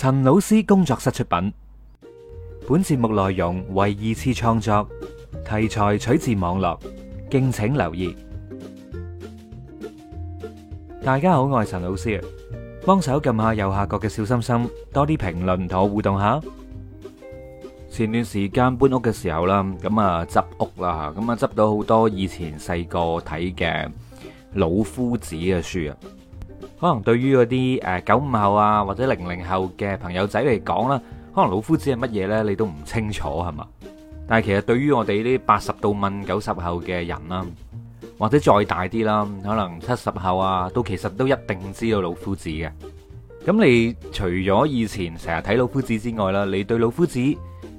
陳老師工作室出品，本節目內容為二次創作，題材取自網絡，敬請留意。大家好，我係陳老師，幫手撳下右下角嘅小心心，多啲評論同我互動下。前段時間搬屋嘅時候啦，咁啊執屋啦，咁啊執到好多以前細個睇嘅老夫子嘅書啊。可能對於嗰啲誒九五後啊，或者零零後嘅朋友仔嚟講啦，可能老夫子係乜嘢呢？你都唔清楚係嘛？但係其實對於我哋呢八十到問九十後嘅人啦，或者再大啲啦，可能七十後啊，都其實都一定知道老夫子嘅。咁你除咗以前成日睇老夫子之外啦，你對老夫子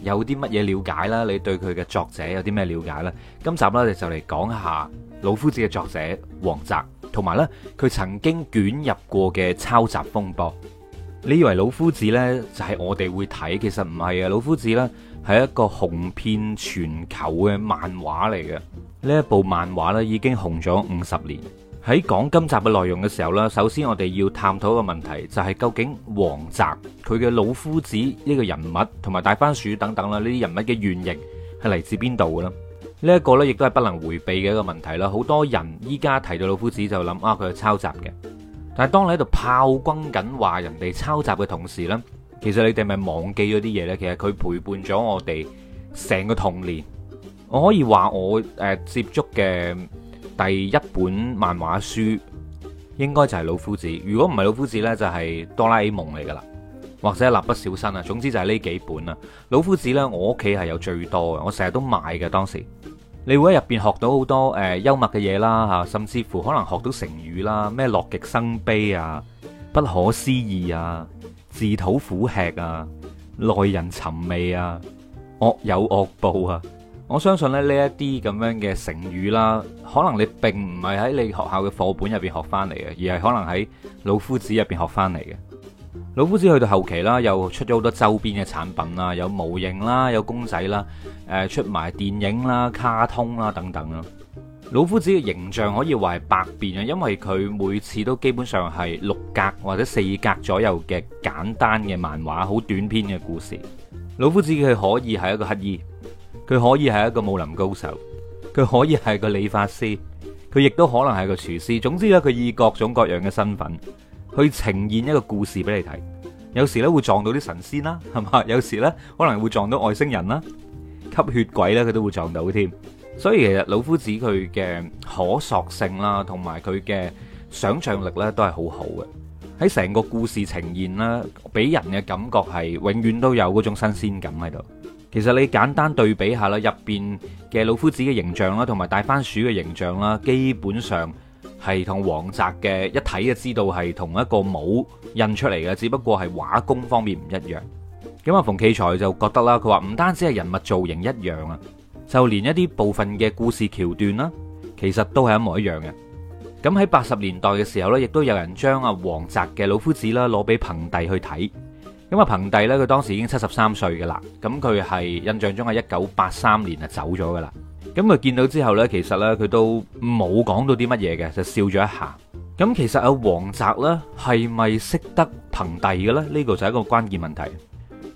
有啲乜嘢了解啦？你對佢嘅作者有啲咩了解呢？今集呢我哋就嚟講下老夫子嘅作者王澤。同埋咧，佢曾經捲入過嘅抄襲風波。你以為老《老夫子》呢，就係我哋會睇，其實唔係啊，《老夫子》呢，係一個紅遍全球嘅漫畫嚟嘅。呢一部漫畫呢，已經紅咗五十年。喺講今集嘅內容嘅時候呢，首先我哋要探討一個問題，就係究竟王澤佢嘅《老夫子》呢個人物，同埋大番薯等等啦，呢啲人物嘅原型係嚟自邊度嘅呢？呢一個呢，亦都係不能迴避嘅一個問題啦。好多人依家提到老夫子就諗啊，佢係抄襲嘅。但係當你喺度炮轟緊話人哋抄襲嘅同時呢，其實你哋咪忘記咗啲嘢呢？其實佢陪伴咗我哋成個童年。我可以話我誒、呃、接觸嘅第一本漫畫書應該就係老夫子。如果唔係老夫子呢，就係哆啦 A 夢嚟㗎啦，或者係蠟筆小新啊。總之就係呢幾本啊。老夫子呢，我屋企係有最多嘅，我成日都買嘅當時。你會喺入邊學到好多誒、呃、幽默嘅嘢啦吓，甚至乎可能學到成語啦，咩樂極生悲啊、不可思議啊、自討苦吃啊、耐人尋味啊、惡有惡報啊。我相信咧，呢一啲咁樣嘅成語啦，可能你並唔係喺你學校嘅課本入邊學翻嚟嘅，而係可能喺老夫子入邊學翻嚟嘅。老夫子去到後期啦，又出咗好多周邊嘅產品啦，有模型啦，有公仔啦，誒，出埋電影啦、卡通啦等等啦。老夫子嘅形象可以話係百變啊，因為佢每次都基本上係六格或者四格左右嘅簡單嘅漫畫，好短篇嘅故事。老夫子佢可以係一個乞衣，佢可以係一個武林高手，佢可以係個理髮師，佢亦都可能係個廚師。總之咧，佢以各種各樣嘅身份，去呈現一個故事俾你睇，有時咧會撞到啲神仙啦，係嘛？有時咧可能會撞到外星人啦，吸血鬼咧佢都會撞到添。所以其實老夫子佢嘅可塑性啦，同埋佢嘅想象力咧都係好好嘅。喺成個故事呈現啦，俾人嘅感覺係永遠都有嗰種新鮮感喺度。其實你簡單對比下啦，入邊嘅老夫子嘅形象啦，同埋大番薯嘅形象啦，基本上。係同王澤嘅一睇就知道係同一個模印出嚟嘅，只不過係畫工方面唔一樣。咁啊，馮驥才就覺得啦，佢話唔單止係人物造型一樣啊，就連一啲部分嘅故事橋段啦，其實都係一模一樣嘅。咁喺八十年代嘅時候呢，亦都有人將阿王澤嘅《老夫子》啦攞俾彭迪去睇。咁啊，彭迪呢，佢當時已經七十三歲嘅啦，咁佢係印象中係一九八三年就走咗嘅啦。咁佢見到之後呢，其實呢，佢都冇講到啲乜嘢嘅，就笑咗一下。咁其實阿王澤呢，係咪識得彭迪嘅咧？呢個就係一個關鍵問題。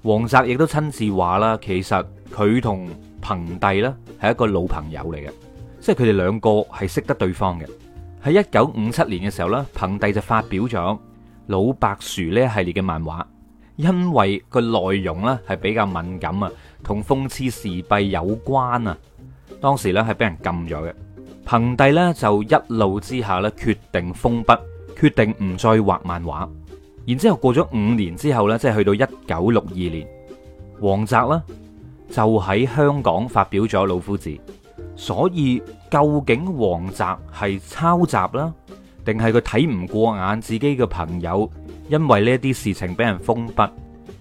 王澤亦都親自話啦，其實佢同彭迪呢係一個老朋友嚟嘅，即係佢哋兩個係識得對方嘅。喺一九五七年嘅時候呢，彭迪就發表咗《老白薯》呢系列嘅漫畫，因為個內容呢係比較敏感啊，同諷刺時弊有關啊。當時咧，係俾人禁咗嘅。彭帝咧，就一怒之下咧，決定封筆，決定唔再畫漫畫。然之後過咗五年之後咧，即係去到一九六二年，王澤啦就喺香港發表咗《老夫子》。所以究竟王澤係抄襲啦，定係佢睇唔過眼自己嘅朋友，因為呢啲事情俾人封筆，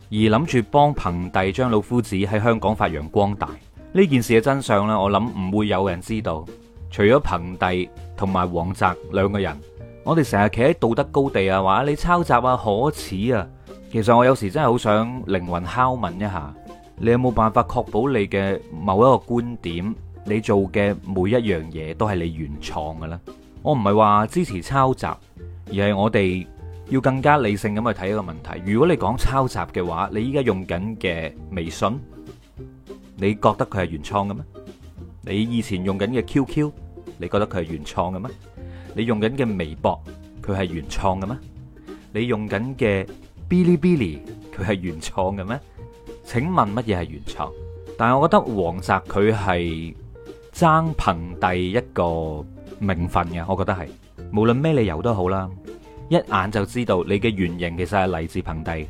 而諗住幫彭帝將《老夫子》喺香港發揚光大？呢件事嘅真相呢，我諗唔會有人知道，除咗彭帝同埋王澤兩個人。我哋成日企喺道德高地啊，話你抄襲啊可恥啊。其實我有時真係好想靈魂拷問一下：你有冇辦法確保你嘅某一個觀點，你做嘅每一樣嘢都係你原創嘅咧？我唔係話支持抄襲，而係我哋要更加理性咁去睇一個問題。如果你講抄襲嘅話，你依家用緊嘅微信。你覺得佢係原創嘅咩？你以前用緊嘅 QQ，你覺得佢係原創嘅咩？你用緊嘅微博，佢係原創嘅咩？你用緊嘅 Bilibili，佢係原創嘅咩？請問乜嘢係原創？但係我覺得王澤佢係爭朋弟一個名分嘅，我覺得係，無論咩理由都好啦，一眼就知道你嘅原型其實係嚟自朋弟，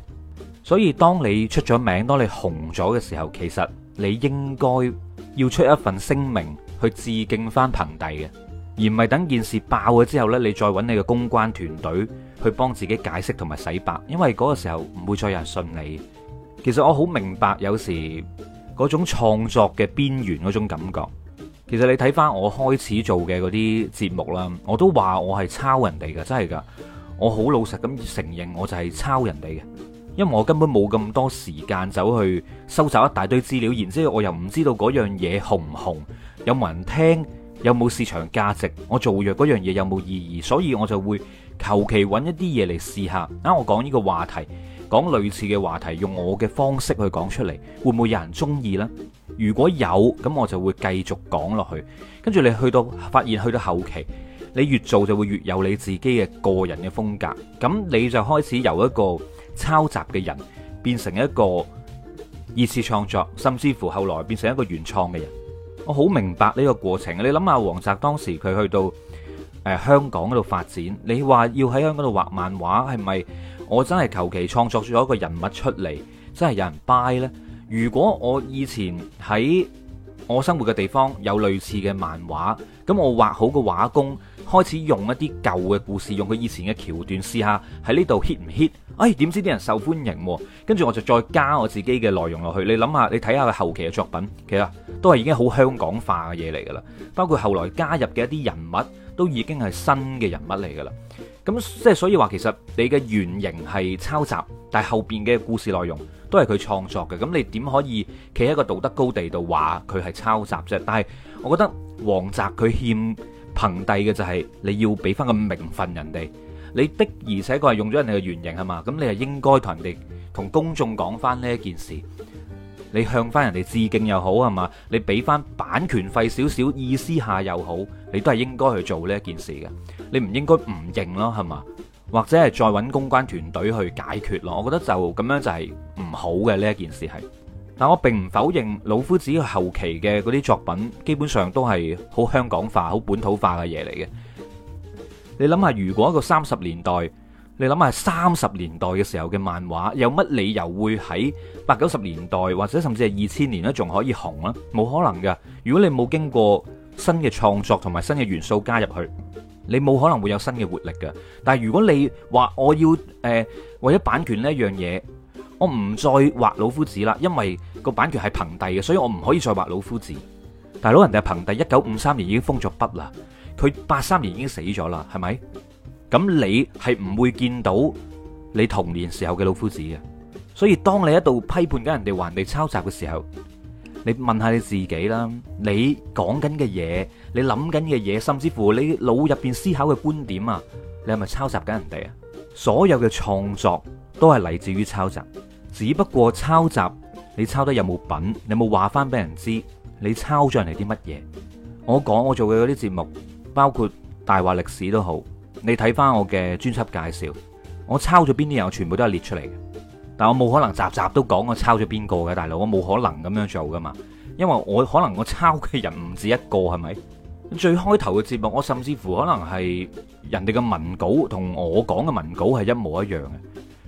所以當你出咗名，當你紅咗嘅時候，其實。你應該要出一份聲明去致敬翻朋弟嘅，而唔係等件事爆咗之後呢，你再揾你嘅公關團隊去幫自己解釋同埋洗白，因為嗰個時候唔會再有人信你。其實我好明白有時嗰種創作嘅邊緣嗰種感覺。其實你睇翻我開始做嘅嗰啲節目啦，我都話我係抄人哋噶，真係噶，我好老實咁承認我就係抄人哋嘅。因為我根本冇咁多時間走去收集一大堆資料，然之後我又唔知道嗰樣嘢紅唔紅，有冇人聽，有冇市場價值，我做藥嗰樣嘢有冇意義，所以我就會求其揾一啲嘢嚟試下。啊，我講呢個話題，講類似嘅話題，用我嘅方式去講出嚟，會唔會有人中意呢？如果有，咁我就會繼續講落去。跟住你去到發現，去到後期，你越做就會越有你自己嘅個人嘅風格，咁你就開始由一個抄襲嘅人變成一個二次創作，甚至乎後來變成一個原創嘅人，我好明白呢個過程。你諗下，王澤當時佢去到誒、呃、香港嗰度發展，你話要喺香港度畫漫畫，係咪我真係求其創作咗一個人物出嚟，真係有人 buy 咧？如果我以前喺我生活嘅地方有類似嘅漫畫，咁我畫好個畫工。開始用一啲舊嘅故事，用佢以前嘅橋段試下喺呢度 hit 唔 hit？哎，點知啲人受歡迎喎，啊，跟住我就再加我自己嘅內容落去。你諗下，你睇下佢後期嘅作品，其實都係已經好香港化嘅嘢嚟噶啦。包括後來加入嘅一啲人物，都已經係新嘅人物嚟噶啦。咁即係所以話，其實你嘅原型係抄襲，但後面嘅故事內容都係佢創作嘅。咁你點可以企喺一個道德高地度話佢係抄襲啫？但係我覺得王澤佢欠。憑地嘅就係你要俾翻個名分人哋，你的而且確係用咗人哋嘅原型係嘛，咁你係應該同人哋同公眾講翻呢一件事，你向翻人哋致敬又好係嘛，你俾翻版權費少少意思下又好，你都係應該去做呢一件事嘅，你唔應該唔認咯係嘛，或者係再揾公關團隊去解決咯，我覺得就咁樣就係唔好嘅呢一件事係。但我並唔否認老夫子後期嘅嗰啲作品，基本上都係好香港化、好本土化嘅嘢嚟嘅。你諗下，如果一個三十年代，你諗下三十年代嘅時候嘅漫畫，有乜理由會喺八九十年代或者甚至係二千年咧，仲可以紅咧？冇可能噶！如果你冇經過新嘅創作同埋新嘅元素加入去，你冇可能會有新嘅活力噶。但如果你話我要誒、呃、為咗版權呢樣樣嘢，我唔再畫老夫子啦，因為個版權係彭帝嘅，所以我唔可以再畫老夫子。大佬人哋彭帝，一九五三年已經封咗筆啦，佢八三年已經死咗啦，係咪？咁你係唔會見到你童年時候嘅老夫子嘅？所以當你喺度批判緊人哋話人抄襲嘅時候，你問下你自己啦，你講緊嘅嘢，你諗緊嘅嘢，甚至乎你腦入邊思考嘅觀點啊，你係咪抄襲緊人哋啊？所有嘅創作。都係嚟自於抄襲，只不過抄襲，你抄得有冇品，你有冇話翻俾人知你抄咗人哋啲乜嘢？我講我做嘅嗰啲節目，包括大話歷史都好，你睇翻我嘅專輯介紹，我抄咗邊啲人，我全部都係列出嚟。但我冇可能集集都講我抄咗邊個嘅大佬，我冇可能咁樣做噶嘛，因為我可能我抄嘅人唔止一個，係咪？最開頭嘅節目，我甚至乎可能係人哋嘅文稿同我講嘅文稿係一模一樣嘅。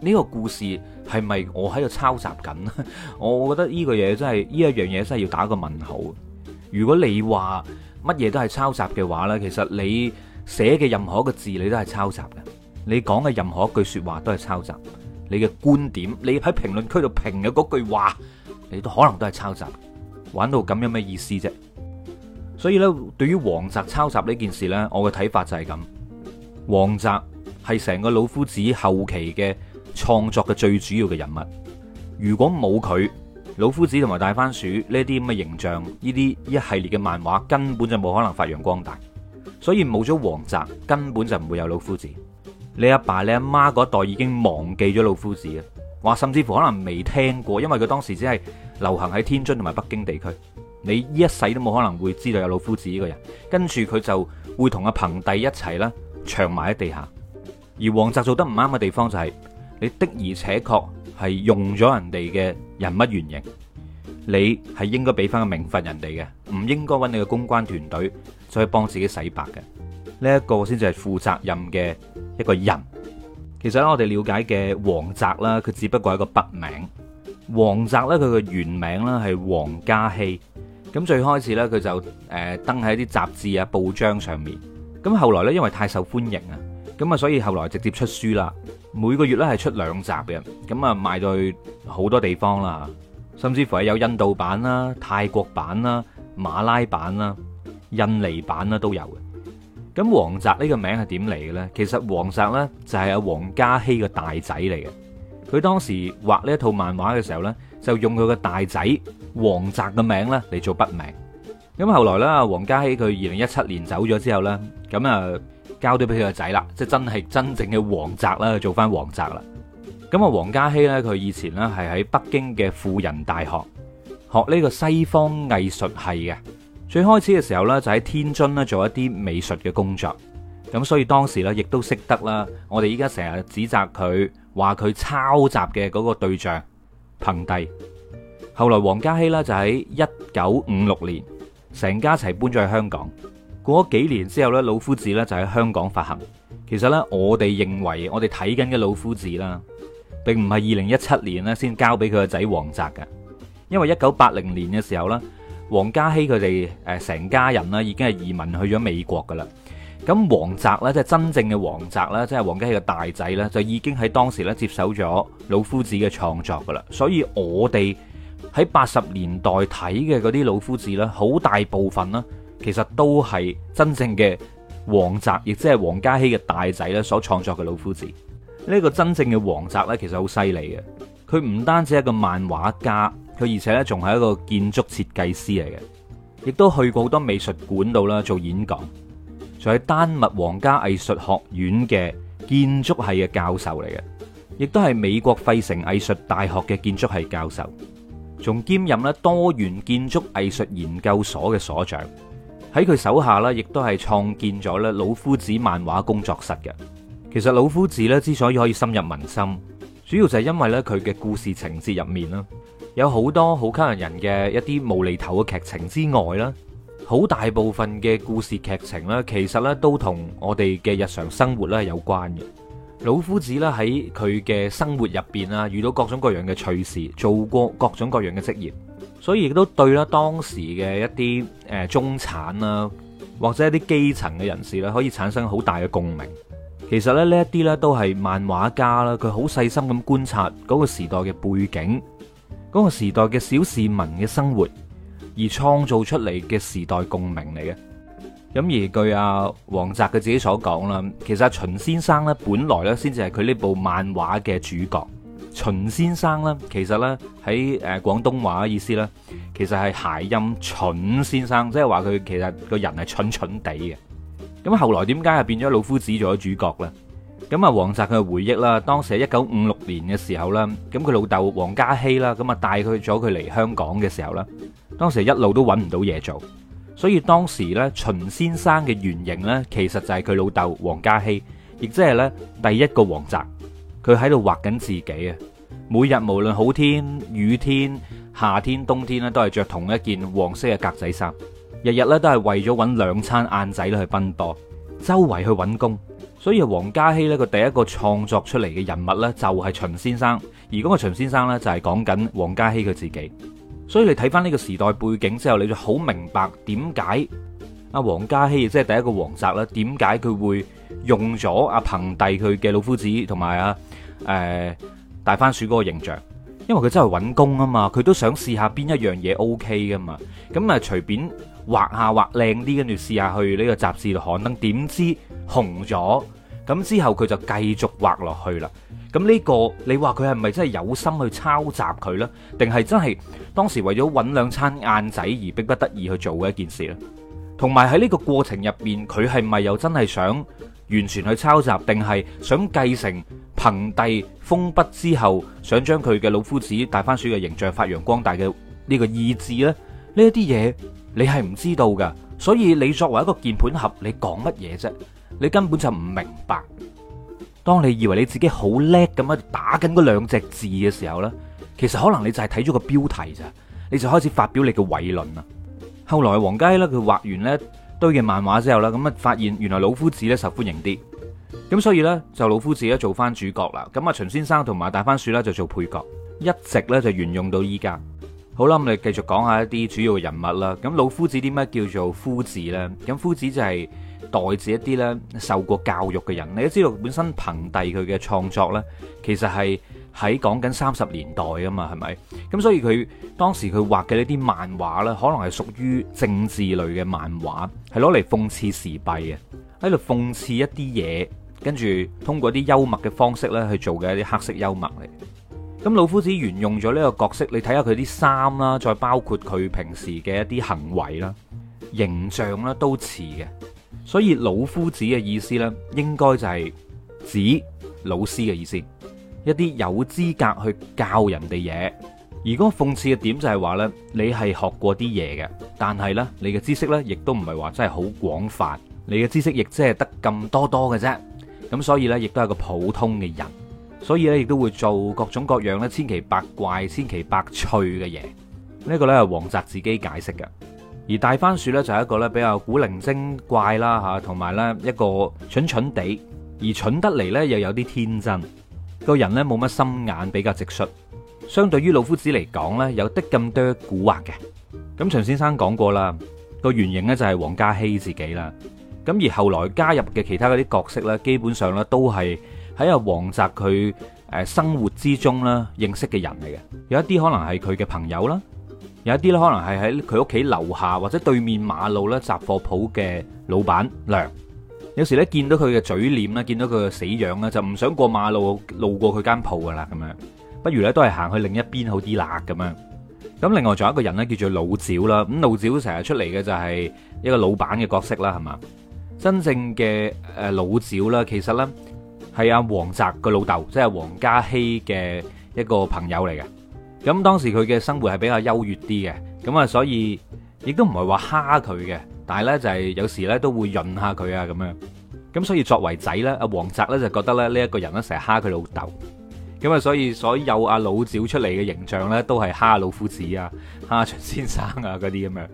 呢個故事係咪我喺度抄襲緊呢？我覺得呢個嘢真係呢，一樣嘢真係要打個問號。如果你話乜嘢都係抄襲嘅話呢，其實你寫嘅任何一個字你都係抄襲嘅，你講嘅任何一句說話都係抄襲，你嘅觀點，你喺評論區度評嘅嗰句話，你都可能都係抄襲。玩到咁有咩意思啫？所以呢，對於王澤抄襲呢件事呢，我嘅睇法就係咁：王澤係成個老夫子後期嘅創作嘅最主要嘅人物，如果冇佢，老夫子同埋大番薯呢啲咁嘅形象，呢啲一系列嘅漫畫根本就冇可能發揚光大。所以冇咗王澤，根本就唔會有老夫子。你阿爸、你阿媽嗰代已經忘記咗老夫子啊，話甚至乎可能未聽過，因為佢當時只係流行喺天津同埋北京地區。你一世都冇可能會知道有老夫子呢個人。跟住佢就會同阿彭弟一齊啦，長埋喺地下。而王澤做得唔啱嘅地方就係。你的而且確係用咗人哋嘅人物原型，你係應該俾翻個名分人哋嘅，唔應該揾你嘅公關團隊再去幫自己洗白嘅。呢一個先至係負責任嘅一個人。其實啦，我哋了解嘅王澤啦，佢只不過係一個筆名。王澤呢，佢嘅原名呢係王家熙。咁最開始呢，佢就誒登喺啲雜誌啊、報章上面。咁後來呢，因為太受歡迎啊。咁啊，所以後來直接出書啦，每個月咧係出兩集嘅，咁啊賣到去好多地方啦，甚至乎係有印度版啦、泰國版啦、馬拉版啦、印尼版啦都有嘅。咁王澤呢個名係點嚟嘅咧？其實王澤咧就係阿王嘉熙個大仔嚟嘅，佢當時畫呢一套漫畫嘅時候咧，就用佢個大仔王澤嘅名咧嚟做筆名。咁後來咧，阿王嘉熙佢二零一七年走咗之後咧，咁啊。交都俾佢個仔啦，即真係真正嘅王澤啦，做翻王澤啦。咁啊，王家禧呢，佢以前呢係喺北京嘅輔仁大學學呢個西方藝術系嘅。最開始嘅時候呢，就喺天津呢做一啲美術嘅工作。咁所以當時呢，亦都識得啦。我哋依家成日指責佢，話佢抄襲嘅嗰個對象朋弟。後來王家禧呢，就喺一九五六年，成家齊搬咗去香港。過咗幾年之後咧，老夫子咧就喺香港發行。其實呢我哋認為我哋睇緊嘅老夫子啦，並唔係二零一七年先交俾佢個仔王澤㗎，因為一九八零年嘅時候咧，王家熙，佢哋誒成家人已經係移民去咗美國噶啦。咁王澤呢，即係真正嘅王澤呢，即係王家熙嘅大仔呢，就已經喺當時接手咗老夫子嘅創作噶啦。所以我哋喺八十年代睇嘅嗰啲老夫子呢，好大部分呢其實都係真正嘅王澤，亦即係王家熙嘅大仔咧，所創作嘅《老夫子》呢。這個真正嘅王澤呢，其實好犀利嘅。佢唔單止係一個漫畫家，佢而且呢，仲係一個建築設計師嚟嘅，亦都去過好多美術館度啦做演講，仲、就、喺、是、丹麥皇家藝術學院嘅建築系嘅教授嚟嘅，亦都係美國費城藝術大學嘅建築系教授，仲兼任咧多元建築藝術研究所嘅所長。喺佢手下咧，亦都係創建咗咧老夫子漫畫工作室嘅。其實老夫子咧之所以可以深入民心，主要就係因為咧佢嘅故事情節入面啦，有好多好吸引人嘅一啲無厘頭嘅劇情之外啦，好大部分嘅故事劇情咧，其實咧都同我哋嘅日常生活咧有關嘅。老夫子咧喺佢嘅生活入邊啊，遇到各種各樣嘅趣事，做過各種各樣嘅職業。所以亦都對啦，當時嘅一啲誒中產啦，或者一啲基層嘅人士咧，可以產生好大嘅共鳴。其實咧，呢一啲咧都係漫畫家啦，佢好細心咁觀察嗰個時代嘅背景，嗰、嗰個時代嘅小市民嘅生活，而創造出嚟嘅時代共鳴嚟嘅。咁而據阿王澤嘅自己所講啦，其實秦先生咧，本來咧先至係佢呢部漫畫嘅主角。秦先生咧，其實咧喺誒廣東話嘅意思咧，其實係諧音蠢先生，即係話佢其實個人係蠢蠢地嘅。咁後來點解係變咗老夫子做咗主角咧？咁啊，王澤佢嘅回憶啦，當時喺一九五六年嘅時候啦，咁佢老豆王家熙啦，咁啊帶佢咗佢嚟香港嘅時候啦，當時一路都揾唔到嘢做，所以當時咧秦先生嘅原型咧，其實就係佢老豆王家熙，亦即係咧第一個王澤。佢喺度畫緊自己啊！每日無論好天、雨天、夏天、冬天咧，都係着同一件黃色嘅格仔衫，日日咧都係為咗揾兩餐晏仔咧去奔波，周圍去揾工。所以黃嘉熙呢佢第一個創作出嚟嘅人物呢，就係秦先生。而嗰個秦先生呢，就係講緊黃嘉熙佢自己。所以你睇翻呢個時代背景之後，你就好明白點解阿黃嘉熙，即係第一個王澤呢，點解佢會用咗阿彭帝佢嘅老夫子同埋啊？誒、呃，大番薯嗰個形象，因為佢真係揾工啊嘛，佢都想試下邊一樣嘢 O K 噶嘛，咁啊隨便畫下畫靚啲，跟住試下去呢個雜誌度刊登，點知紅咗，咁之後佢就繼續畫落去啦。咁呢、呢個你話佢係咪真係有心去抄襲佢呢？定係真係當時為咗揾兩餐晏仔而逼不得已去做嘅一件事呢？同埋喺呢個過程入面，佢係咪又真係想？完全去抄襲，定係想繼承彭帝封筆之後，想將佢嘅老夫子大番薯嘅形象發揚光大嘅呢個意志呢？呢一啲嘢你係唔知道噶，所以你作為一個鍵盤俠，你講乜嘢啫？你根本就唔明白。當你以為你自己好叻咁啊打緊嗰兩隻字嘅時候呢，其實可能你就係睇咗個標題咋，你就開始發表你嘅偉論啦。後來黃雞咧，佢畫完呢。堆嘅漫畫之後啦，咁啊發現原來老夫子咧受歡迎啲，咁所以呢，就老夫子咧做翻主角啦，咁啊秦先生同埋大番薯咧就做配角，一直咧就沿用到依家。好啦，咁我哋繼續講下一啲主要嘅人物啦。咁老夫子點解叫做夫子呢？咁夫子就係代指一啲呢，受過教育嘅人。你都知道他本身朋弟佢嘅創作呢，其實係。喺講緊三十年代啊嘛，係咪？咁所以佢當時佢畫嘅呢啲漫畫呢，可能係屬於政治類嘅漫畫，係攞嚟諷刺時弊嘅，喺度諷刺一啲嘢，跟住通過啲幽默嘅方式呢去做嘅一啲黑色幽默嚟。咁老夫子沿用咗呢個角色，你睇下佢啲衫啦，再包括佢平時嘅一啲行為啦、形象啦，都似嘅。所以老夫子嘅意思呢，應該就係指老師嘅意思。一啲有資格去教人哋嘢，而個諷刺嘅點就係話呢：「你係學過啲嘢嘅，但係呢，你嘅知識呢亦都唔係話真係好廣泛，你嘅知識亦即係得咁多多嘅啫，咁所以呢，亦都係個普通嘅人，所以呢，亦都會做各種各樣呢千奇百怪、千奇百趣嘅嘢。呢個呢，係王澤自己解釋嘅，而大番薯呢，就係一個呢比較古靈精怪啦吓，同埋呢一個蠢蠢地，而蠢得嚟呢，又有啲天真。個人呢冇乜心眼，比較直率。相對於老夫子嚟講呢，有啲咁多蠱惑嘅。咁秦先生講過啦，個原型呢就係王家熙自己啦。咁而後來加入嘅其他嗰啲角色呢，基本上呢都係喺阿王澤佢誒生活之中咧認識嘅人嚟嘅。有一啲可能係佢嘅朋友啦，有一啲咧可能係喺佢屋企樓下或者對面馬路咧雜貨鋪嘅老闆娘。有時咧見到佢嘅嘴臉咧，見到佢嘅死樣咧，就唔想過馬路，路過佢間鋪噶啦咁樣，不如咧都係行去另一邊好啲喇咁樣。咁另外仲有一個人咧，叫做老趙啦。咁老趙成日出嚟嘅就係一個老闆嘅角色啦，係嘛？真正嘅誒老趙啦，其實咧係阿王澤個老豆，即係王家禧嘅一個朋友嚟嘅。咁當時佢嘅生活係比較優越啲嘅，咁啊，所以亦都唔係話蝦佢嘅。但係咧，就係有時咧都會潤下佢啊，咁樣咁所以，作為仔咧，阿黃澤咧就覺得咧呢一個人咧成日蝦佢老豆，咁啊所以所以有阿老趙出嚟嘅形象咧，都係蝦老夫子啊、蝦秦先生啊嗰啲咁樣，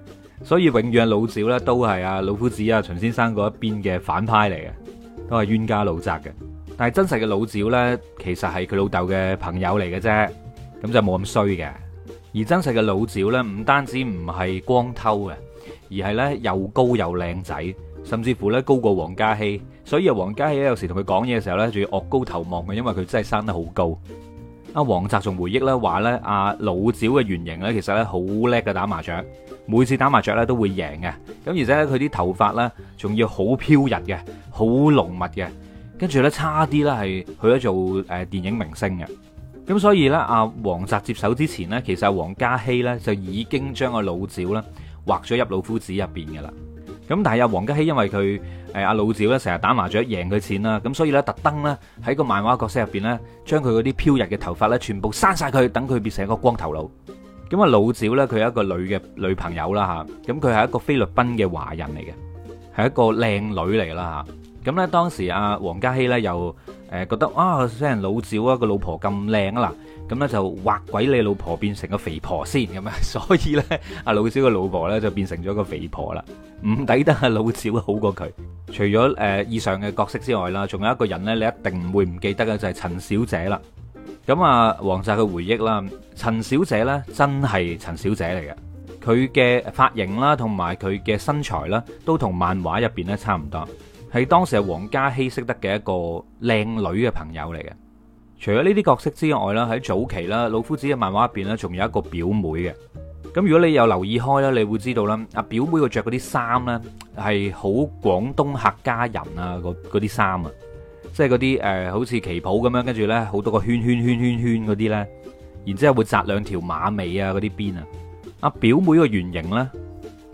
所以永遠老趙咧都係阿老夫子啊、秦先生嗰一邊嘅反派嚟嘅，都係冤家路窄嘅。但係真實嘅老趙咧，其實係佢老豆嘅朋友嚟嘅啫，咁就冇咁衰嘅。而真實嘅老趙咧，唔單止唔係光偷嘅。而係咧，又高又靚仔，甚至乎咧高過王家禧，所以阿王家禧有時同佢講嘢嘅時候咧，仲要惡高頭望嘅，因為佢真係生得好高。阿王澤仲回憶咧話咧阿老趙嘅原型咧，其實咧好叻嘅打麻雀，每次打麻雀咧都會贏嘅。咁而且咧佢啲頭髮咧仲要好飄逸嘅，好濃密嘅，跟住咧差啲咧係去咗做誒電影明星嘅。咁所以咧阿王澤接手之前咧，其實阿王家禧咧就已經將個老趙畫咗入老夫子入邊㗎啦，咁但係阿王家禧因為佢誒阿老趙咧成日打麻雀贏佢錢啦，咁所以咧特登咧喺個漫畫角色入邊咧，將佢嗰啲飄逸嘅頭髮咧全部刪晒佢，等佢變成一個光頭佬。咁啊老趙咧佢係一個女嘅女朋友啦吓，咁佢係一個菲律賓嘅華人嚟嘅，係一個靚女嚟啦吓。咁咧當時阿王家禧咧又誒覺得啊雖然老趙啊個老婆咁靚啊啦。咁咧就畫鬼你老婆變成個肥婆先咁樣！所以呢，阿老趙個老婆呢，就變成咗個肥婆啦，唔抵得阿老趙好過佢。除咗、呃、以上嘅角色之外啦，仲有一個人呢，你一定唔會唔記得嘅就係、是、陳小姐啦。咁啊，王澤嘅回憶啦，陳小姐呢，真係陳小姐嚟嘅，佢嘅髮型啦同埋佢嘅身材啦都同漫畫入面呢差唔多，係當時係王家禧識得嘅一個靚女嘅朋友嚟嘅。除咗呢啲角色之外啦，喺早期啦，老夫子嘅漫畫入邊咧，仲有一個表妹嘅。咁如果你有留意開咧，你會知道啦，阿表妹個着嗰啲衫咧，係好廣東客家人啊，嗰啲衫啊，即係嗰啲誒好似旗袍咁樣，跟住咧好多個圈圈圈圈圈嗰啲咧，然之後會紮兩條馬尾啊嗰啲辮啊。阿表妹個原型咧，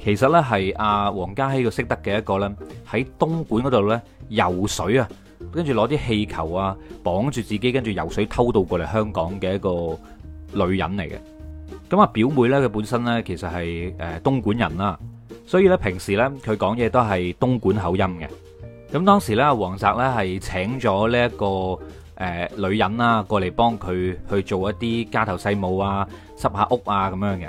其實咧，係阿王家禧個識得嘅一個咧，喺東莞嗰度咧游水啊。跟住攞啲氣球啊，綁住自己，跟住游水偷渡過嚟香港嘅一個女人嚟嘅。咁啊表妹咧，佢本身咧其實係誒東莞人啦，所以咧平時咧佢講嘢都係東莞口音嘅。咁當時咧阿王澤咧係請咗呢一個誒女人啊，過嚟幫佢去做一啲家頭細務啊，執下屋啊咁樣嘅。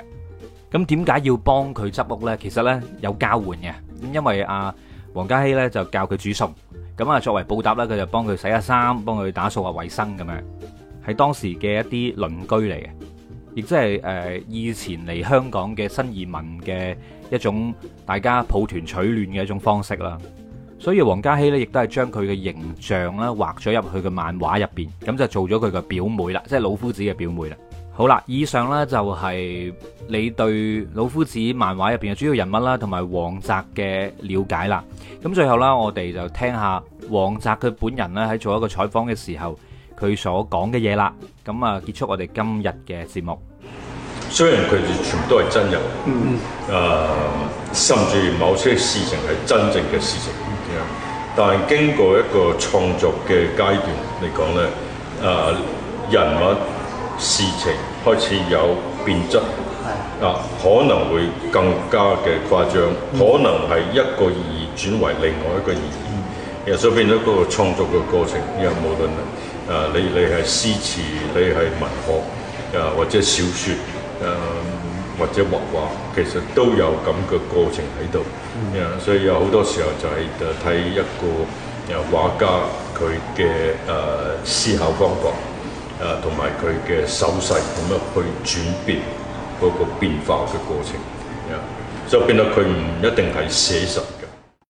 咁點解要幫佢執屋咧？其實咧有交換嘅，因為阿。王家熙咧就教佢煮餸，咁啊作為報答咧，佢就幫佢洗下衫，幫佢打掃下衞生咁樣，係當時嘅一啲鄰居嚟嘅，亦即係誒以前嚟香港嘅新移民嘅一種大家抱團取暖嘅一種方式啦。所以王家熙咧亦都係將佢嘅形象啦畫咗入去嘅漫畫入邊，咁就做咗佢嘅表妹啦，即係老夫子嘅表妹啦。好啦，以上咧就係你對《老夫子》漫畫入邊嘅主要人物啦，同埋王澤嘅了解啦。咁最後啦，我哋就聽下王澤佢本人咧喺做一個採訪嘅時候，佢所講嘅嘢啦。咁啊，結束我哋今日嘅節目。雖然佢哋全部都係真人，嗯嗯，誒、呃，甚至某些事情係真正嘅事情，但係經過一個創作嘅階段嚟講咧，誒、呃，人物。事情開始有變質，的啊，可能會更加嘅誇張，嗯、可能係一個意義轉為另外一個意義，又、嗯啊、所以變咗個創作嘅過程。因為無論啊，你你係詩詞，你係文學、啊，或者小説、啊，或者畫畫，其實都有咁嘅過程喺度、嗯啊。所以有好多時候就係睇一個由畫家佢嘅誒思考方法。誒同埋佢嘅手勢咁樣去轉變嗰個變化嘅過程，就變到佢唔一定係寫實。